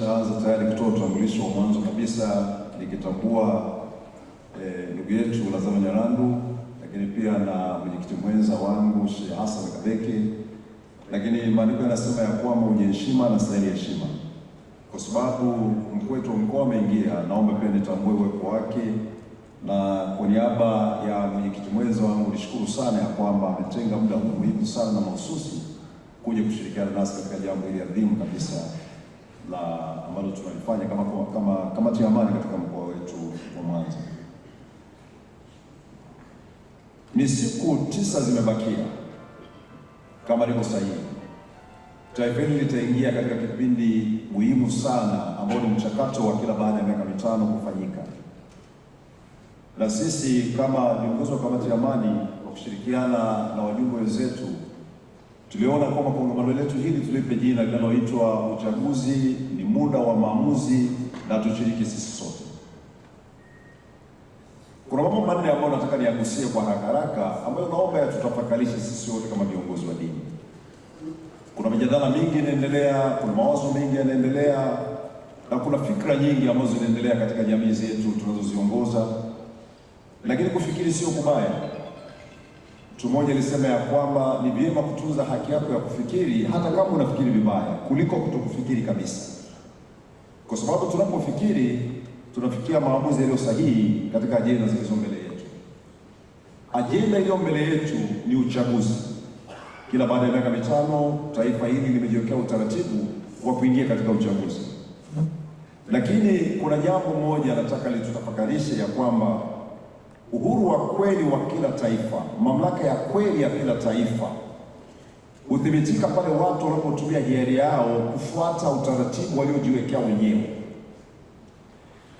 nimeshaanza tayari kutoa utambulisho wa mwanzo kabisa nikitambua eh, ndugu yetu Lazama Nyarandu, lakini pia na mwenyekiti mwenza wangu Sheikh Hassan Kabeke. Lakini maandiko yanasema ya kwamba mwenye heshima anastahili heshima. Kwa sababu mkuu wetu wa mkoa ameingia, naomba pia nitambue uwepo wake, na kwa niaba ya mwenyekiti mwenza wangu nishukuru sana ya kwamba ametenga muda huu muhimu sana na mahususi kuja kushirikiana nasi katika jambo hili adhimu kabisa la ambalo tunalifanya kama kama kamati ya amani katika mkoa wetu wa Mwanza. Ni siku tisa zimebakia, kama liko sahihi, taifa hili litaingia katika kipindi muhimu sana ambao ni mchakato wa kila baada ya miaka mitano kufanyika, na sisi kama viongozi wa kamati ya amani wa kushirikiana na wajumbe wenzetu Tuliona kwamba kongamano letu hili tulipe jina linaloitwa uchaguzi ni muda wa maamuzi na tushiriki sisi sote. Kuna mambo manne ambayo nataka niagusie kwa haraka haraka, ambayo naomba yatutafakarishe sisi wote kama viongozi wa dini. Kuna mijadala mingi inaendelea, kuna mawazo mengi yanaendelea, na kuna fikra nyingi ambazo zinaendelea katika jamii zetu tunazoziongoza, lakini kufikiri sio kubaya Tumoja ilisema ya kwamba ni vyema kutunza haki yako ya kufikiri hata kama unafikiri vibaya kuliko kutokufikiri kabisa, kwa sababu tunapofikiri tunafikia maamuzi yaliyo sahihi katika ajenda zilizo mbele yetu. Ajenda iliyo mbele yetu ni uchaguzi. Kila baada ya miaka mitano taifa hili limejiwekea utaratibu wa kuingia katika uchaguzi, lakini kuna jambo moja nataka litutafakarishe ya kwamba uhuru wa kweli wa kila taifa, mamlaka ya kweli ya kila taifa huthibitika pale watu wanapotumia hiari yao kufuata utaratibu waliojiwekea wenyewe.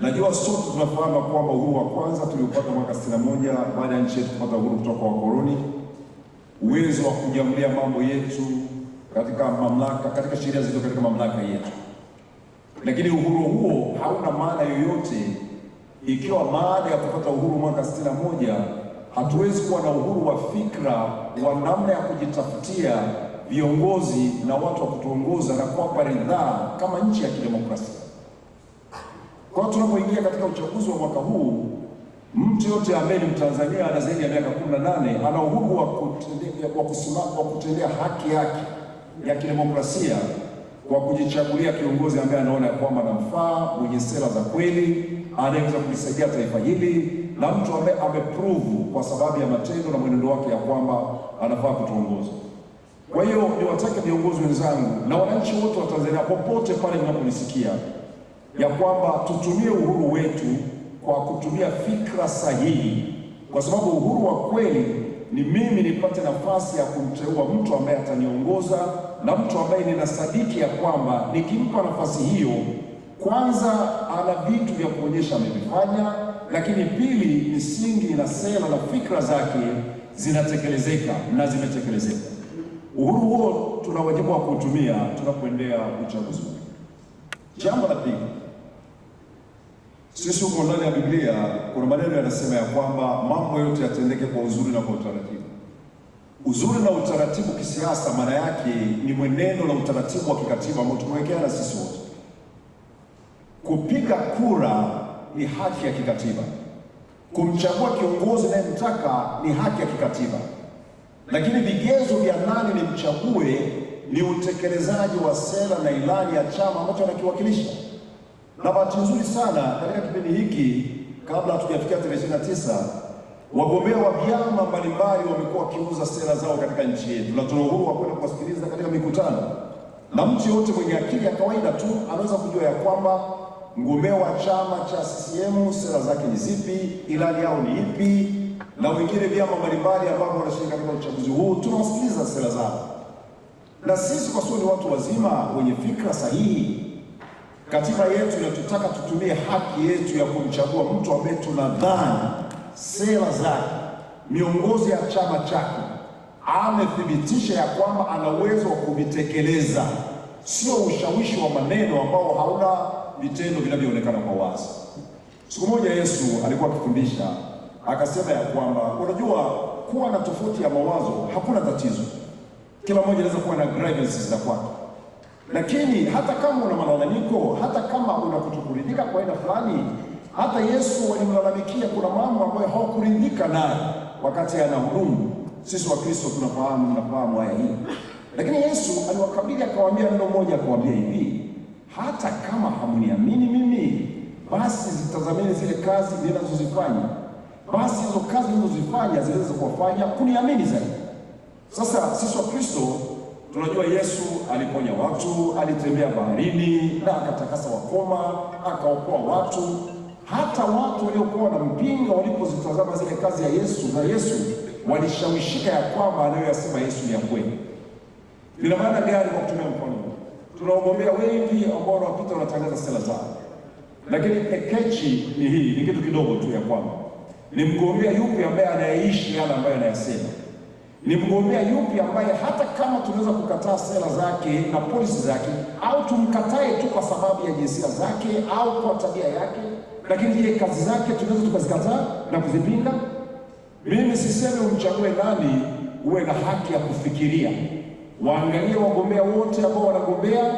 Najua sote tunafahamu kwamba uhuru wa kwanza tuliopata mwaka 61 baada ya nchi yetu kupata uhuru kutoka kwa wakoloni, uwezo wa kujamulia mambo yetu katika mamlaka, katika sheria zilizo katika mamlaka yetu, lakini uhuru huo hauna maana yoyote ikiwa baada ya kupata uhuru mwaka moja hatuwezi kuwa na uhuru wa fikra wa namna ya kujitafutia viongozi na watu wa kutuongoza na kuwapa ridhaa kama nchi ya kidemokrasia. Kwa hiyo tunapoingia katika uchaguzi wa mwaka huu, mtu yote ambaye ni Mtanzania ana zaidi ya miaka 18 ana uhuru wa kutendea, wa kusimama, wa kutendea haki yake ya kidemokrasia kwa kujichagulia kiongozi ambaye anaona ya kwamba anamfaa, mwenye sera za kweli, anayeweza kulisaidia taifa hili, na mtu ambaye ameprove kwa sababu ya matendo na mwenendo wake ya kwamba anafaa kutuongoza. Kwa hiyo niwatake viongozi wenzangu na wananchi wote wa Tanzania popote pale mnaponisikia, ya kwamba tutumie uhuru wetu kwa kutumia fikra sahihi, kwa sababu uhuru wa kweli ni mimi nipate nafasi ya kumteua mtu ambaye ataniongoza na mtu ambaye ninasadiki ya kwamba nikimpa nafasi hiyo, kwanza ana vitu vya kuonyesha amevifanya, lakini pili, misingi na sera na fikra zake zinatekelezeka na zimetekelezeka. Uhuru huo tuna wajibu wa kuutumia tunapoendea uchaguzi. Jambo la pili, sisi huko ndani ya Biblia kuna maneno yanasema ya kwamba mambo yote yatendeke kwa uzuri na kwa utaratibu. Uzuri na utaratibu kisiasa maana yake ni mwenendo na utaratibu wa kikatiba ambao tumewekea na sisi wote. Kupiga kura ni haki ya kikatiba, kumchagua kiongozi unayemtaka ni haki ya kikatiba, lakini vigezo vya nani nimchague ni utekelezaji wa sera na ilani ya chama ambacho anakiwakilisha. Na bahati nzuri sana katika kipindi hiki, kabla hatujafikia tarehe na tisa Wagombea wa vyama mbalimbali wamekuwa wakiuza sera zao katika nchi yetu, na tuna uhuru wa kwenda kuwasikiliza katika mikutano, na mtu yoyote mwenye akili ya kawaida tu anaweza kujua ya kwamba mgombea wa chama cha CCM sera zake ni zipi, ilani yao ni ipi, na wengine vyama mbalimbali ambao wanashiriki katika uchaguzi huu tunawasikiliza sera zao, na sisi kwa ni watu wazima wenye fikra sahihi. Katiba yetu inatutaka tutumie haki yetu ya kumchagua mtu ambaye tunadhani sera zake, miongozo ya chama chake, amethibitisha ya kwamba ana uwezo wa kuvitekeleza, sio ushawishi wa maneno ambao hauna vitendo vinavyoonekana kwa wazi. Siku moja Yesu alikuwa akifundisha akasema ya kwamba unajua, kuwa na tofauti ya mawazo hakuna tatizo, kila mmoja anaweza kuwa na grievances za kwake, lakini hata kama una malalamiko, hata kama una kutokuridhika kwa aina fulani hata Yesu walimlalamikia, kuna mambo ambayo hawakuridhika nayo wakati anahudumu. Sisi wa Kristo tunafahamu, tunafahamu haya hii, lakini Yesu aliwakabili akawaambia neno moja, akawaambia hivi, hata kama hamuniamini mimi, basi zitazameni zile kazi ninazozifanya, basi hizo kazi ninazozifanya zinaweza kuwafanya kuniamini zaidi. Sasa sisi wa Kristo tunajua Yesu aliponya watu, alitembea baharini na akatakasa wakoma, akaokoa watu hata watu waliokuwa na mpinga walipozitazama zile kazi ya Yesu na Yesu walishawishika ya kwamba anayoyasema Yesu ni ya kweli. Nina maana gari kwa kutumia mkono Tunaogombea wengi ambao wanapita wanatangaza sera zao, lakini pekechi ni hii, ni kitu kidogo tu ya kwamba ni mgombea yupi ambaye anayeishi yale ambayo anayasema ni mgombea yupi ambaye hata kama tunaweza kukataa sera zake na polisi zake, au tumkatae tu kwa sababu ya jinsia zake au kwa tabia yake, lakini je, kazi zake tunaweza tukazikataa na kuzipinga? Mimi sisemi umchague nani, uwe na haki ya kufikiria. Waangalie wagombea wote ambao wanagombea,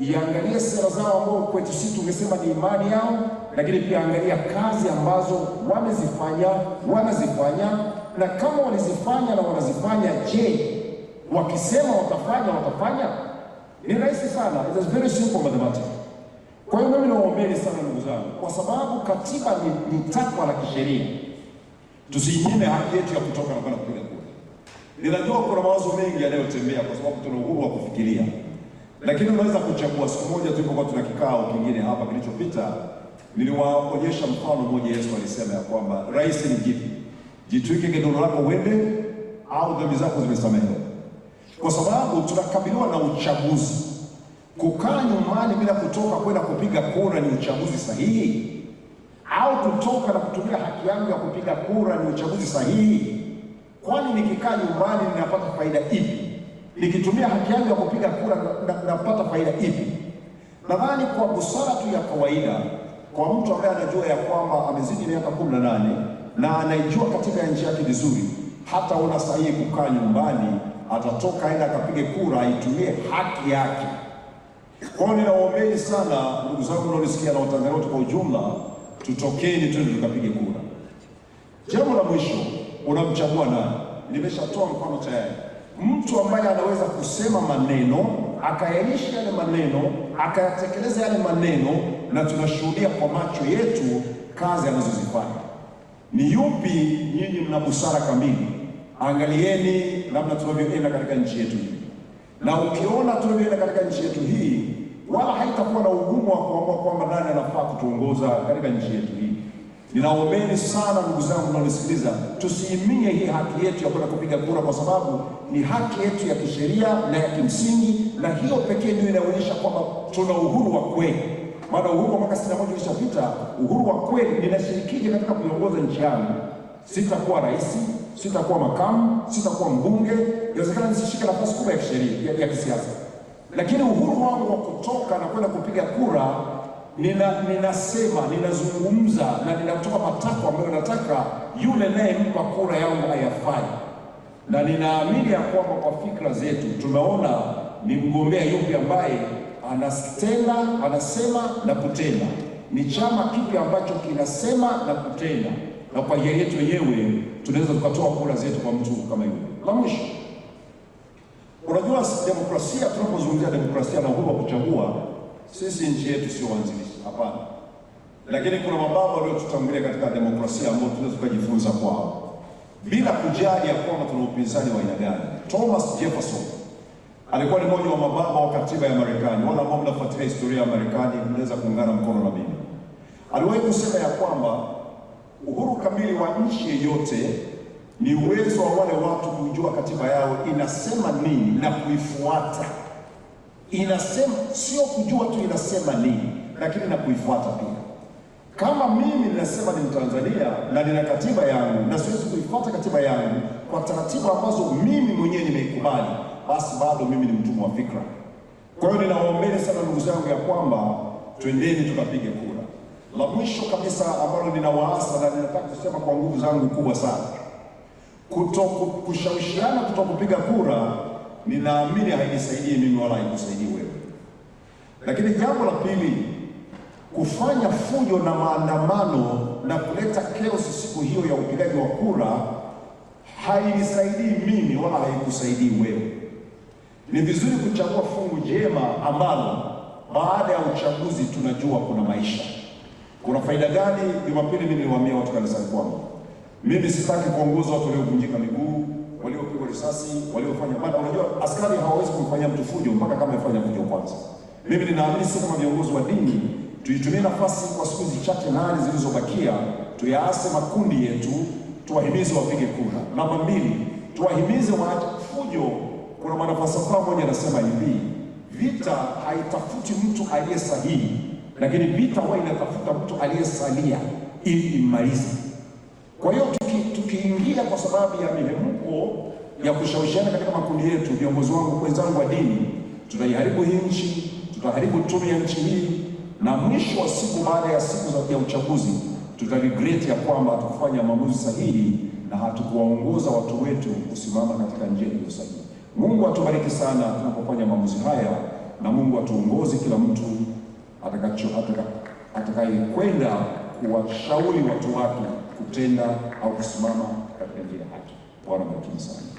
iangalie sera zao ambao kwetu sisi tungesema ni imani yao, lakini pia angalia kazi ambazo wamezifanya wamezifanya na kama walizifanya na wanazifanya, je, wakisema watafanya watafanya? Ni rahisi sana, it is very simple mathematics. Kwa hiyo mimi nawaombeni sana ndugu zangu, kwa sababu katiba ni, ni takwa la kisheria. Tusinyime haki yetu ya kutoka na kwenda kupiga kura. Ninajua kuna mawazo mengi yanayotembea, kwa sababu tuna uhuru wa kufikiria, lakini unaweza kuchagua. Siku moja tulipokuwa tuna kikao kingine hapa kilichopita, niliwaonyesha mfano mmoja. Yesu alisema ya kwamba rais ni jipi Jitwike godoro lako uende, au dhambi zako zimesamehewa, kwa sababu tunakabiliwa na uchaguzi. Kukaa nyumbani bila kutoka kwenda kupiga kura ni uchaguzi sahihi, au kutoka na kutumia haki yangu ya kupiga kura ni uchaguzi sahihi? Kwani nikikaa nyumbani ninapata faida ipi? Nikitumia haki yangu ya kupiga kura ninapata faida ipi? Nadhani kwa busara tu ya kawaida, kwa mtu ambaye anajua ya kwamba amezidi miaka kumi na nane na anaijua katika nchi yake vizuri, hata una sahihi kukaa nyumbani, atatoka aenda akapige kura, aitumie haki yake. Kwa hiyo ninawaombeni sana ndugu zangu mnaonisikia na Watanzania wote kwa ujumla, tutokeni twende tukapige kura. Jambo la mwisho, unamchagua nani? Nimeshatoa mfano tayari, mtu ambaye anaweza kusema maneno akayaishi yale maneno akayatekeleza yale maneno, na tunashuhudia kwa macho yetu kazi anazozifanya ni yupi nyinyi mna busara kamili, angalieni namna tunavyoenda katika nchi yetu hii, na ukiona tunavyoenda katika nchi yetu hii, wala haitakuwa na ugumu wa kuamua kwamba nani anafaa kutuongoza katika nchi yetu hii. Ninaombeni sana ndugu zangu mnaonisikiliza, tusiimie hii haki yetu ya kwenda kupiga kura, kwa sababu ni haki yetu ya kisheria na ya kimsingi, na hiyo pekee ndio inaonyesha kwamba tuna uhuru wa kweli maana uhuru wa mwaka sitini na moja ulishapita. Uhuru wa kweli, ninashirikije katika kuiongoza nchi yangu? Sitakuwa rais, sitakuwa makamu, sitakuwa mbunge, inawezekana nisishike nafasi kubwa ya kisheria ya kisiasa, lakini uhuru wangu wa kutoka na kwenda kupiga kura nina, ninasema ninazungumza na ninatoa matakwa ambayo nataka yule nayempa kura yangu ayafanye, na ninaamini ya kwamba kwa fikra zetu tunaona ni mgombea yupi ambaye anatenda anasema na kutenda. Ni chama kipi ambacho kinasema na kutenda? Na kwa hiari yetu wenyewe tunaweza tukatoa kura zetu kwa mtu kama yule. La mwisho, unajua demokrasia, tunapozungumzia demokrasia na uhuru wa kuchagua, sisi nchi yetu sio wanzilishi hapana, lakini kuna mababa waliotutangulia katika demokrasia ambao tunaweza tukajifunza kwao bila kujali ya kwamba tuna upinzani wa aina gani. Thomas Jefferson alikuwa ni mmoja wa mababa wa katiba ya Marekani. Wale ambao mnafuatilia historia ya Marekani mnaweza kuungana mkono na mimi. Aliwahi kusema ya kwamba uhuru kamili wa nchi yeyote ni uwezo wa wale watu kujua katiba yao inasema nini na kuifuata. Inasema sio kujua tu inasema nini, lakini na kuifuata pia. Kama mimi ninasema ni Mtanzania na nina katiba yangu na siwezi kuifuata katiba yangu kwa taratibu ambazo mimi mwenyewe nime imani, basi bado mimi ni mtumwa wa fikra. Kwa hiyo ninawaombeni sana ndugu zangu ya kwamba twendeni tukapige kura. La mwisho kabisa ambalo ninawaasa na ninataka kusema kwa nguvu zangu kubwa sana, kuto kutokupiga kura, ninaamini haijisaidii mimi wala haikusaidii wewe. Lakini jambo la pili, kufanya fujo na maandamano na kuleta chaos siku hiyo ya upigaji wa kura hainisaidii mimi wala haikusaidii wewe. Ni vizuri kuchagua fungu jema ambalo baada ya uchaguzi tunajua kuna maisha, kuna faida gani. Jumapili mimi niliwaambia watu kanisani kwangu, mimi sitaki kuongoza watu waliovunjika miguu, waliopigwa risasi, waliofanya bada. Unajua askari hawawezi kumfanyia mtu fujo mpaka kama amefanya fujo kwanza. Mimi ninaamini sisi kama viongozi wa dini tuitumie nafasi kwa siku zichache nane zilizobakia, tuyaase makundi yetu tuwahimize wapige kura. Namba mbili, tuwahimize wanafujo. Kuna mwanafalsafa mmoja anasema hivi, vita haitafuti mtu aliye sahihi, lakini vita huwa inatafuta mtu aliyesalia ili imalize. Kwa hiyo tukiingia tuki kwa sababu ya mihemko ya kushawishiana katika makundi yetu, viongozi wangu wenzangu wa dini, tutaiharibu hii nchi, tutaharibu tumi ya nchi hii, na mwisho wa siku, baada ya siku za uchaguzi tutaregreti ya kwamba hatukufanya maamuzi sahihi na hatukuwaongoza watu wetu kusimama katika njia iliyo sahihi. Mungu atubariki sana tunapofanya maamuzi haya, na Mungu atuongoze kila mtu atakayekwenda kuwashauri watu wake kutenda au kusimama katika njia haki. Bwana bariki sana.